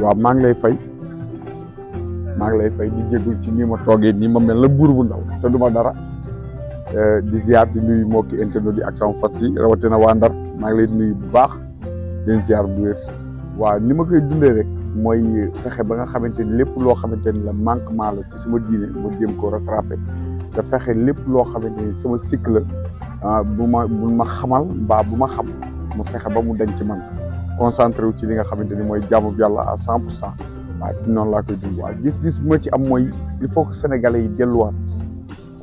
waaw maa ngi lay fay maa ngi lay fay di jégul ci ni ma toogee ni ma mel na bour bu ndaw te duma dara eh, di ziar di nuyu mbokki interno di action fatti fat na wa Ndar lay nuyu bu baax den ziar bu wér wa ni ma koy dundé rek moy fexé ba nga xamante ni lépp loo ni la manquement la ci sama diiné mo jéem ko rattrapé te fexé lépp lo xamante ni sama cycle ah, buma buma ma xamal ba buma ma xam mu fexé ba mu dañ ci man concentré wu ci li nga xamanteni moy mooy bi yàlla à 100% pour cent waaye noonu koy dund waaye gis-gis bi ma ci am moy il faut que sénégalais yi wat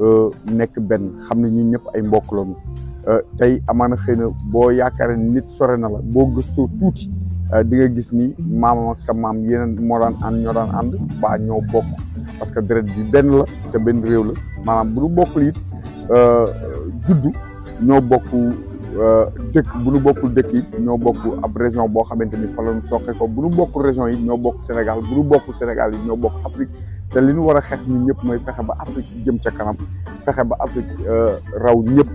euh nek ben xamni ñun ñep ay mbokk lom euh tay amana xeyna bo yaakaaree nit sore na la bo gëstoo touti euh, di nga gis ni maamam ak sa mam yeneen mo daan and ñoo daan and ba ñoo bokk parce que deret bi ben la te ben réew la manam bu ñu bokkul it euh, juddu ñoo bokku Euh, dëkk bu nu bokkul dëkk yi ñoo bokk ab région boo xamante ni fa la ñu soqe ko bu nu bokkul région yi ñoo bokk Sénégal bu nu bokkul Sénégal yi ñoo bokk Afrique te li ñu war a xeex ñun ñëpp mooy fexe ba Afrique jëm ca kanam fexe ba Afrique euh, raw ñëpp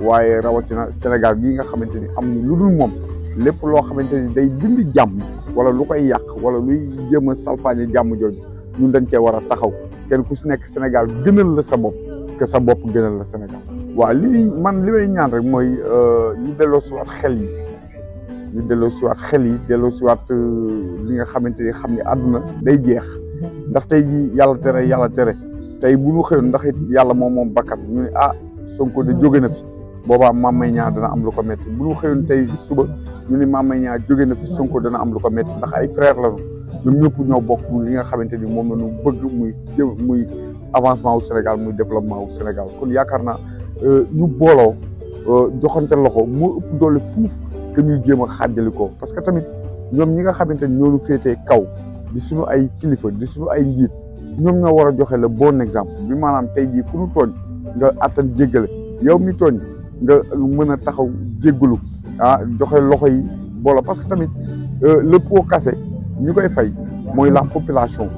waaye rawatina Sénégal gii nga xamante ni am na lu dul moom lépp loo xamante ni day dindi jàmm wala lu koy yàq wala luy jéem a salfaañe jàmm jooju ñun dañ cee war a taxaw kenn ku si nekk Sénégal gënal la sa bopp que sa bopp gënal la Sénégal. waaw lii man li may ñaan rek mooy euh, ñu delloo siwaat xel yi ñu delloo siwaat xel yi delloo siwaat euh, li nga xamante ni xam ne àdduna day jeex ndax tey ji yàlla tere yàlla tere tey bu ñu xëyoon ndax it yàlla moom moom bakkat ñu ne ah Sonko de jóge na fi boobaa Mame may Niang dana am lu ko métti bu ñu xëyoon tey suba ñu ni Mame Mbaye Niang jóge na fi Sonko dana am lu ko métti ndax ay frère lañu ñoom ñëpp ñoo bokk li nga xamante ni moom la ñu bëgg muy jë muy avancement wu Sénégal muy développement wu Sénégal yaakaar Euh, ñu booloo euh, joxante loxo moo ëpp doole fuuf que ñuy jéem a xàjjali ko parce que tamit ñoom ñi nga xamante ni ñoo ñu féetee kaw di suñu ay kilifa di suñu ay njiit ñoom ñoo war a joxe la bon exemple bi maanaam tey jii ku ñu tooñ nga attan jéggale yow mi tooñ nga mën a taxaw jéggalu ah joxe loxo yi booloo parce que tamit euh, le pot cassé ñu koy fay mooy la population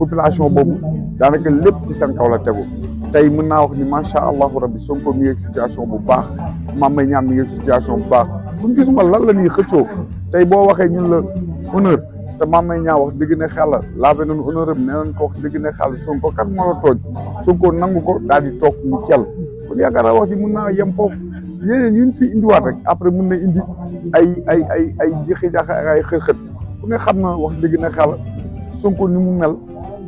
population boobu daanaka lépp ci seen kaw la tegu. tey mën naa wax ni macha allahu rabbi Sonko mi ngi situation bu baax Mame Mbaye Niang mi ngi situation bu baax buñ gisuma lan la ñuy xëccoo tey boo waxee ñun la honneur te maam Mbaye Niang wax dëgg ne xel laave nañu honneur am nee nañ ko wax dëgg ne Sonko kat moo la tooj Sonko nangu ko daal di toog ni cel kon yaakaar naa wax ji mën naa yem foofu yeneen ñun fi indiwaat rek après mun na indi ay ay ay ay jixi jax ne xam na wax dëgg ne xel Sonko ni mu mel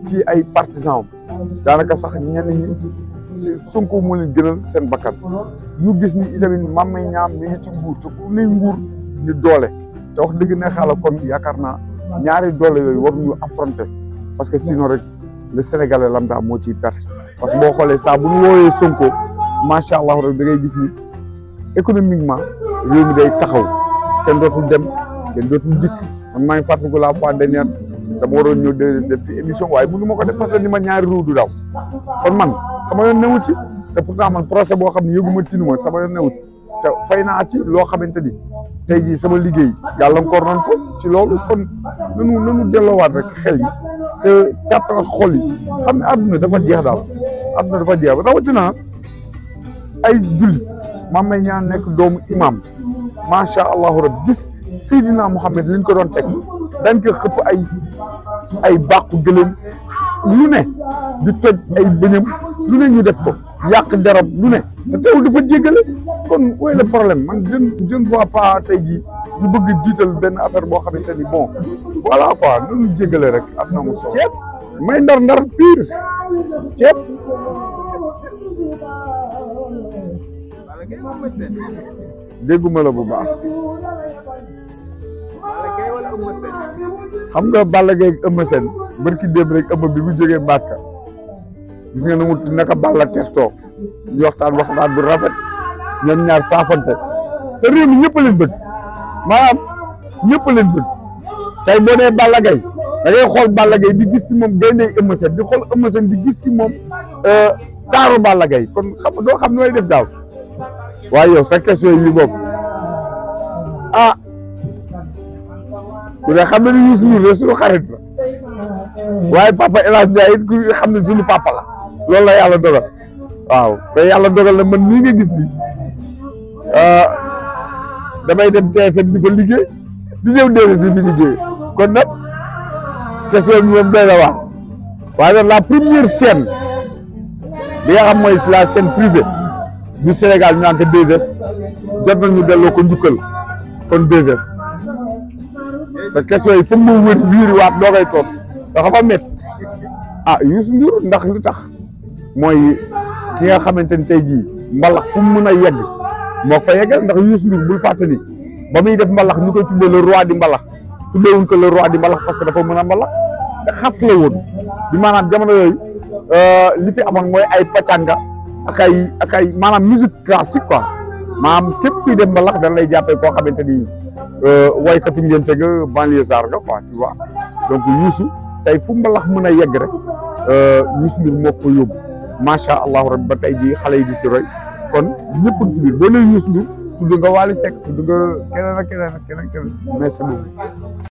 ci ay partisan daanaka sax ñenn ñi si Sonko moo gënal seen bakkan ñu gis ni itamit Mame Mbaye Niang mi ngi ci nguur te ku ne nguur ni doole te wax dëgg ne xaala kon yaakaar na ñaari doole yooyu ñu affronter parce que sinon rek le lam lambda moo ciy perte parce que boo xoolee saa bu Sonko macha allah rek da ngay gis ni économiquement réew day taxaw kenn dootul dem kenn dootul dikk man maa ngi fàttaliku la fois dama waroon ñëw 2STV ci émission way mënu ma ko def parce que ni ma ñaari ruu du daw kon man sama yoon newu ci te pourtant man procès bo xamni yeguma tinuma sama yoon newu ci te fayna ci lo xamanteni tay ji jii sama liggéey ngor non ko ci lolu kon nañu nañu delo wat rek xel yi te tàppal xol yi xam ne aduna dafa jeex daal aduna dafa jeex dina ay julit ma may ñaan nek doomu imam ma sha allah rabbi gis Seydina Mouhamed liñ ko don tek dañ ko xep ay ay bàqu gëlëm lu ne di toj ay bëñam lu ne ñu def ko yàq deram lu ne te teewul dafa jéggale kon où le problème man je je ne vois pas tey jii ñu bëgg jiital benn affaire boo xamante bon voilà quoi nañu jéggale rek am na mu solo ceeb may ndar ndar pire ceeb dégguma la bu baax xam nga Balla Gaye ak Eumeu Sène barki démb rek Eumeu bi bu jógee Màkka gis nga nu mu naka Balla tertoo ñu waxtaan waxtaan bu rafet ñoom ñaar saafante te réew ñëpp leen bëgg maanaam ñëpp leen bëgg tey boo nee Balla Gaye da ngay xool Balla Gaye di gis si moom gayndey Eumeu Sène di xool Eumeu di gis si moom euh, taaru Balla Gaye kon xam doo xam nooy def daaw waaye yow sa question yi boobu ku ne xam ne ni Youssou Ndour la xarit la waaye papa El Hadj it ku xam ne suñu papa la loolu la yàlla dogal waaw te yàlla dogal na man nii nga gis ni ah, damay dem TFM di fa liggéey di ñëw déedéet si fi liggéey kon nag question bi moom doy na waar waaye nag la première chaîne bi nga xam mooy la chaîne privée du Sénégal ñu naan ko 2 jot nañu delloo ko njukkal kon 2 sa question yi foog mu wër wiiriwaat doo koy toog dafa ko métti ah Youssou Ndour ndax li tax mooy ki nga xamante ni tey jii mbalax fu mu mën a yegg moo fa yeggal ndax Youssou Ndour bul fàttali ba muy def mbalax ñu koy tuddee le roi di mbalax tuddeewuñ ko le roi di mbalax parce que dafa mën a mbalax te xas la woon bi maanaam jamono yooyu euh, li fi amoon mooy ay pacanga ak ay ak ay maanaam musique classique quoi maanaam képp lay jàppee koo xamante Euh, waykatu ngénte ga banlieue sar ga quoi tu vois donc Youssou tey fu mbalax mun a yegg rek euh, Youssou Ndour moo ko yóbbu macha allah rabbi ba tey jii xale yi di ci roy kon ñëpp ci biir boo nee Youssou Ndour tudd nga Wally Seck tudd nga keneen ak keneen ak keneen keneen merci